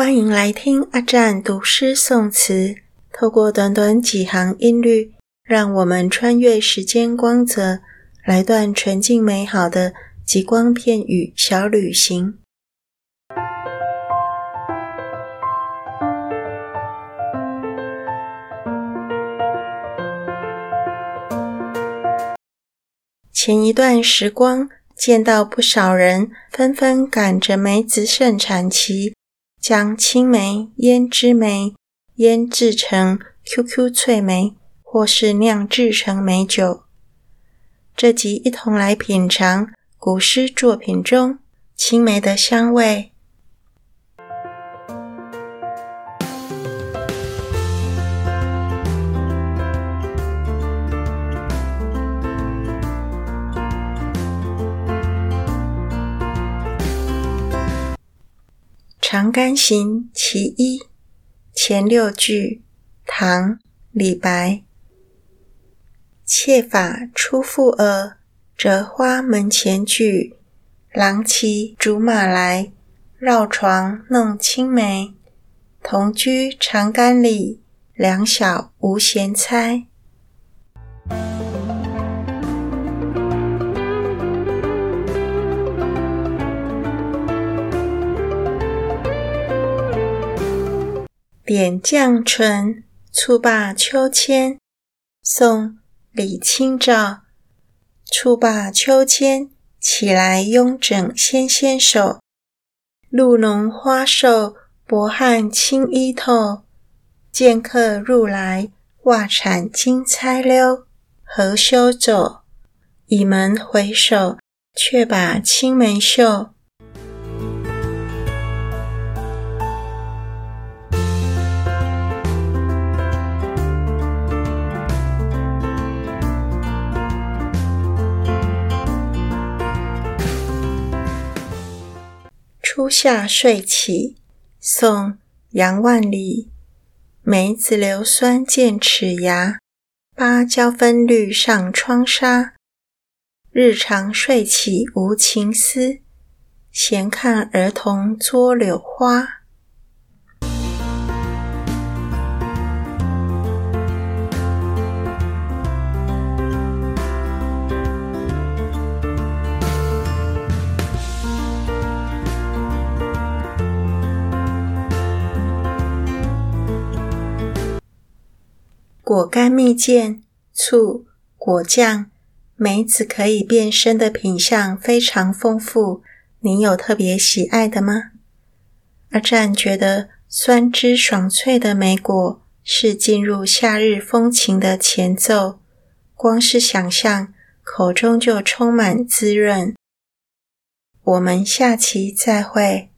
歡迎來聽阿占讀詩誦詞，透過短短幾行音律，讓我們穿越時間光澤，來段純淨美好的吉光片羽小旅行。前一段時光，見到不少人紛紛趕着梅子盛產期。將青梅、胭脂梅醃製成 QQ 脆梅，或是釀製成美酒。這集一同來品嚐古詩作品中青梅的香味。《長干行·其一》前六句，唐·李白。妾髮初覆額，折花門前劇。郎騎竹馬來，繞床弄青梅。同居長干里，兩小無嫌猜。點絳唇·蹴罷秋千，宋·李清照。蹴罷秋千，起來慵整纖纖手。露濃花瘦，薄汗輕衣透。見客入來，襪剗金釵溜。和羞走，倚門回首，卻把青梅嗅。初夏睡起，宋·楊萬里。梅子流酸濺齒牙，芭蕉分綠上窗紗。日長睡起無情思，閒看兒童捉柳花。果乾、蜜餞、醋、果醬、梅子可以變身的品相非常豐富，您有特別喜愛的嗎？阿占覺得酸汁爽脆的梅果是進入夏日風情的前奏，光是想象口中就充滿滋潤。我們下期再會。